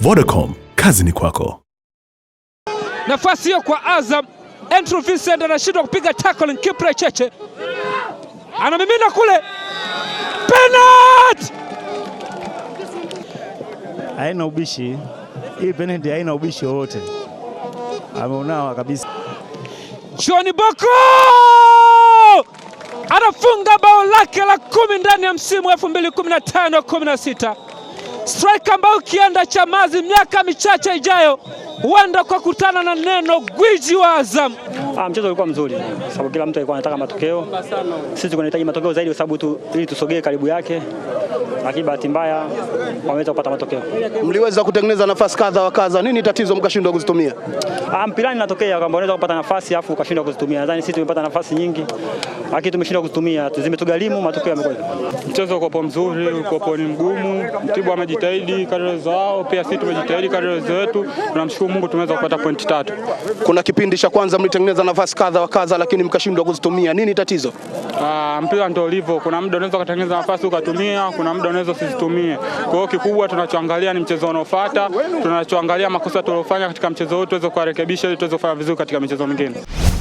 Vodacom, kazi ni kwako. Nafasi hiyo kwa Azam, Andrew Vincent anashindwa kupiga tackle. Kipre Cheche anamimina kule, penalty. Haina ubishi hii penalty, haina ubishi wowote, ameonawa kabisa. John Boko anafunga bao lake la kumi ndani ya msimu 2015 16 strike ambayo kienda Chamazi miaka michache ijayo huenda kwa kutana na neno gwiji wa Azam. Ah, mchezo ulikuwa mzuri sababu kila mtu alikuwa anataka matokeo, sisi tunahitaji matokeo zaidi, kwa sababu tu, ili tusogee karibu yake lakini bahati mbaya wameweza kupata matokeo. Mliweza kutengeneza nafasi kadha wa kadha, nini tatizo mkashindwa kuzitumia? Ah, mpirani inatokea kwamba unaweza kupata nafasi afu ukashindwa kuzitumia. Nadhani sisi tumepata nafasi nyingi lakini tumeshindwa kuzitumia, zimetugalimu matokeo yamekuwa. Mchezo ukopo mzuri, ukopo ni mgumu. Mtibwa amejitahidi kadri zao, pia sisi tumejitahidi kadri zetu. Tunamshukuru Mungu tumeweza kupata pointi tatu. Kuna kipindi cha kwanza mlitengeneza nafasi kadha wa kadha, lakini mkashindwa kuzitumia, nini tatizo? Ah, mpira ndio ulivyo. Kuna muda unaweza kutengeneza nafasi ukatumia, kuna muda mpira naweza usizitumie. Kwa hiyo kikubwa tunachoangalia ni mchezo unaofuata, tunachoangalia makosa tuliofanya katika mchezo huu tuweze kurekebisha ili tuweze kufanya vizuri katika michezo mingine.